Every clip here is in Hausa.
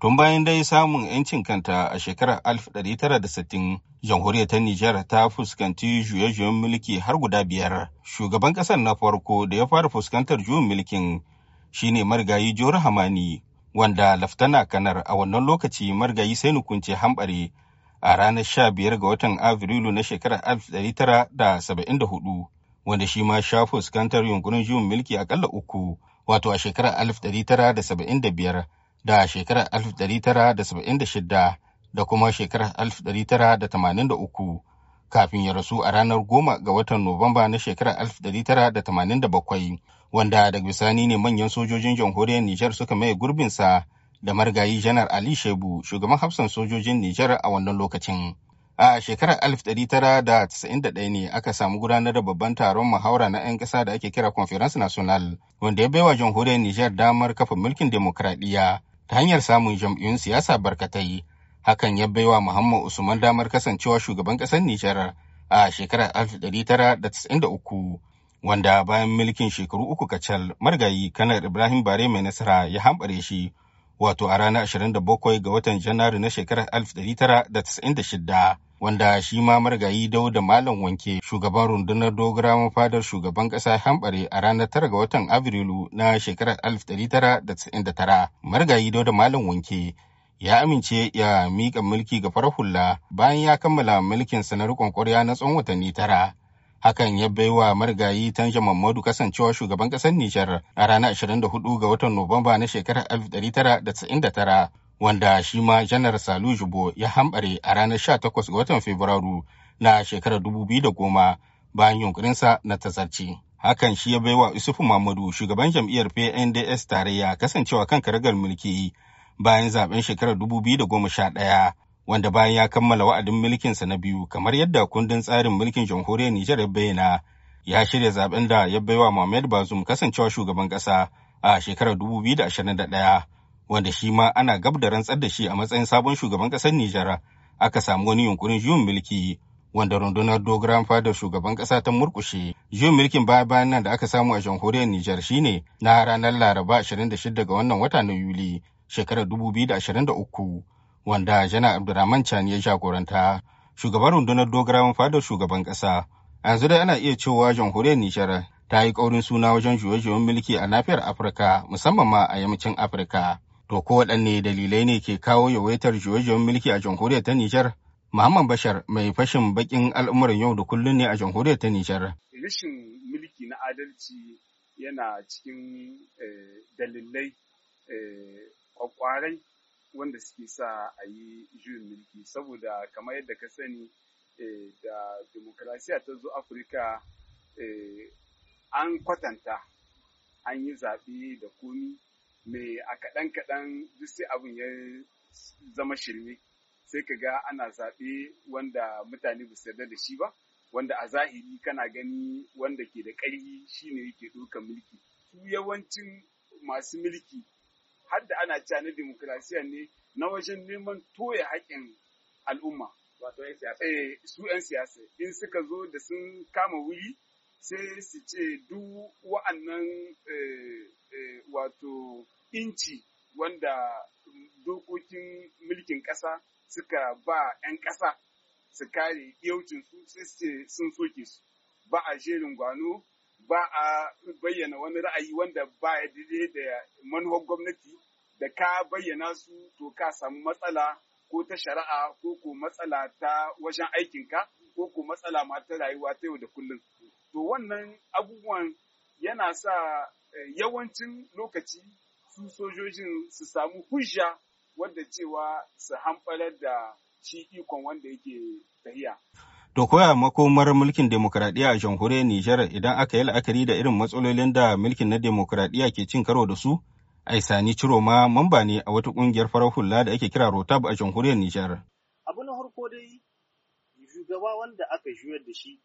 Tun bayan dai samun 'yancin kanta a shekarar 1960, jamhuriyar ta Nijar ta fuskanci juye-juyen mulki har guda biyar. Shugaban ƙasar na farko da ya fara fuskantar juyin mulkin shine marigayi Jori Hamani, wanda laftana kanar a wannan lokaci marigayi sai nukunce hambare a ranar 15 ga watan Afrilu na shekarar 1974, wanda shi ma sha fuskantar yunkurin juyin mulki akalla uku, wato a shekarar 1975 da shekarar 1976 da kuma shekarar 1983 kafin ya rasu a ranar 10 ga watan Nuwamba na shekarar 1987 wanda daga bisani ne manyan sojojin jamhuriyar Nijar suka maye gurbinsa da margayi janar Ali Shebu shugaban hafsan sojojin Nijar a wannan lokacin. A shekarar 1991 ne aka samu gudanar da babban taron muhawara na 'yan ƙasa da ake kira Conference National, wanda ya baiwa jamhuriyar Nijar damar kafa mulkin demokradiyya ta hanyar samun jam'iyyun siyasa barkatai hakan ya baiwa muhammad usman damar kasancewa shugaban ƙasar nijar a shekarar 1993 wanda bayan mulkin shekaru uku kacal margayi, kanar ibrahim bare mai nasara ya hambare shi wato a ranar 27 ga watan janairu na shekarar 1996 wanda shi ma marigayi dauda malam wanke shugaban rundunar dogara mafadar shugaban kasa hambare a ranar tara ga watan afrilu na shekarar 1999 marigayi dauda malam wanke ya amince ya miƙa mulki ga farar hula bayan ya kammala mulkin sanar riƙon na tsawon watanni tara hakan ya bai wa marigayi tanja mamadu kasancewa shugaban ƙasar nijar a ranar 24 ga watan nuwamba na shekarar 1999 wanda shi ma janar salu jibo ya hambare a ranar 18 ga watan fabrairu na shekarar 2010 bayan yunkurinsa na tasarci hakan shi ya baiwa isufu mamadu shugaban jam'iyyar pnds tarayya kasancewa kan karagar mulki bayan zaben shekarar 2011 wanda bayan ya kammala wa'adin mulkinsa na biyu kamar yadda kundin tsarin mulkin jamhuriyar nijar ya bayyana ya shirya zaben da ya baiwa Mohamed Bazum kasancewa shugaban ƙasa a shekarar 2021 wanda shi ma ana gab da rantsar da shi a matsayin sabon shugaban ƙasar Nijar aka samu wani yunkurin juyin mulki wanda rundunar dogaran fadar shugaban ƙasa ta murkushe. Juyin mulkin baya bayan nan da aka samu a jamhuriyar Nijar shine na ranar Laraba 26 ga wannan wata na Yuli shekarar 2023 wanda Jana Abdurrahman Chan ya jagoranta. Shugaban rundunar dogaran fadar shugaban ƙasa. Yanzu dai ana iya cewa jamhuriyar Nijar ta yi ƙaurin suna wajen juye-juyen mulki a nafiyar Afirka musamman ma a yammacin Afirka. To ko waɗanne dalilai ne ke kawo yawaitar juye mulki a jamhuriyar ta Nijar? Muhammad Bashar mai fashin bakin al'umuran yau da kullun ne a jamhuriyar ta Nijar. Rashin mulki na adalci yana cikin eh, dalilai eh, kwakwarai wanda suke sa a yi juyin mulki saboda kamar yadda ka sani eh, da demokrasiya ta zo Afirka an kwatanta an yi zaɓe da komi me a kaɗan kaɗan duk sai abin ya zama shirme sai ka ga ana zaɓe wanda mutane ba yarda da shi ba wanda a zahiri kana gani wanda ke da ƙarfi shine yake ɗaukar mulki su yawancin masu mulki har da ana cewa na demokrasiya ne na wajen neman toya haƙƙin al'umma wato 'yan siyasa eh, su 'yan siyasa in suka zo da sun kama wuri sai su ce duk wa'annan eh, eh, wato inci wanda dokokin mulkin ƙasa suka ba 'yan ƙasa su kare yaucinsu sai su ce sun soke su ba a jerin gwano ba a bayyana wani ra'ayi wanda ba ya daidai da manuwar gwamnati da ka bayyana su to ka samu matsala ko ta shari'a ko ko matsala ta wajen aikinka ko ko matsala ma ta rayuwa ta yau da kullum to wannan abubuwan yana sa eh, yawancin lokaci su sojojin su samu hujja wadda cewa su hamfarar da shi ikon wanda yake tahiya. To koya makomar mulkin demokuraɗiyya a jamhuriyar Nijar idan aka yi la'akari da irin matsalolin da mulkin na demokuraɗiyya ke cin karo da su, Aisani ma mamba ne a wata ƙungiyar farar hula da ake kira Rotab a jamhuriyar Nijar. Abu na harko dai shugaba wanda aka juyar da shi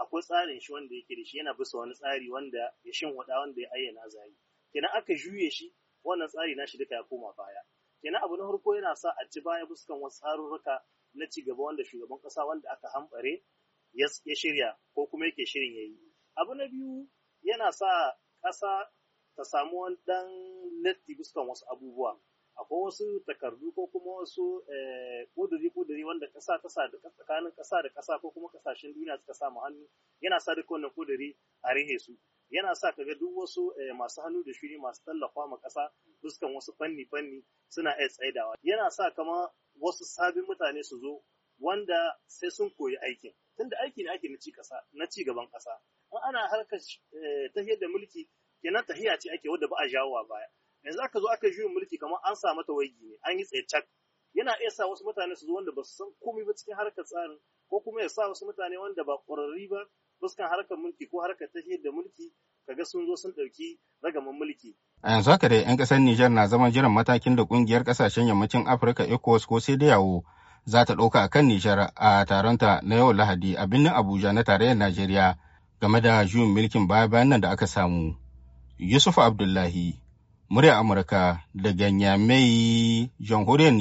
akwai tsarin shi wanda yake da shi yana bisa wani tsari wanda ya shin wada wanda ya ayyana zai kenan aka juye shi wannan tsari nashi duka ya koma baya kenan abu na farko yana sa a ci baya buskan wasu tsarurruka na ci gaba wanda shugaban kasa wanda aka hambare ya shirya ko kuma yake shirin yayi abu na biyu yana sa kasa ta samu wani dan latti buskan wasu abubuwa akwai wasu takardu ko kuma wasu kuduri-kuduri eh, wanda ƙasa ƙasa da tsakanin kasa da kasa ko kuma kasashen duniya suka samu hannu yana sa duk wannan kuduri a rihe su yana sa ka ga duk wasu eh, masu hannu da shuni masu tallafa ma kasa fuskan wasu fanni-fanni suna iya tsaidawa yana sa kama wasu sabin mutane su zo wanda sai sun koyi aikin tunda aiki ne ake na ci gaban kasa in ana harkar eh, tahiyar da mulki kenan tahiya ce ake wadda ba a jawowa baya yanzu aka zo aka juyin mulki kamar an sa mata waigi ne an yi tsaye yana iya sa wasu mutane su zo wanda ba su san komai ba cikin harkar tsarin ko kuma ya sa wasu mutane wanda ba ƙwararri ba fuskan harkar mulki ko harkar tafiyar da mulki kaga sun zo sun ɗauki ragaman mulki. A yanzu haka dai 'yan ƙasar Nijar na zaman jiran matakin da ƙungiyar ƙasashen yammacin Afirka ECOWAS ko sai da yawo za ta ɗauka a kan Nijar a taronta na yau Lahadi a birnin Abuja na tarayyar Najeriya game da juyin mulkin baya bayan nan da aka samu. Yusuf Abdullahi muryar Amurka daga Nyamai, jamhuriyar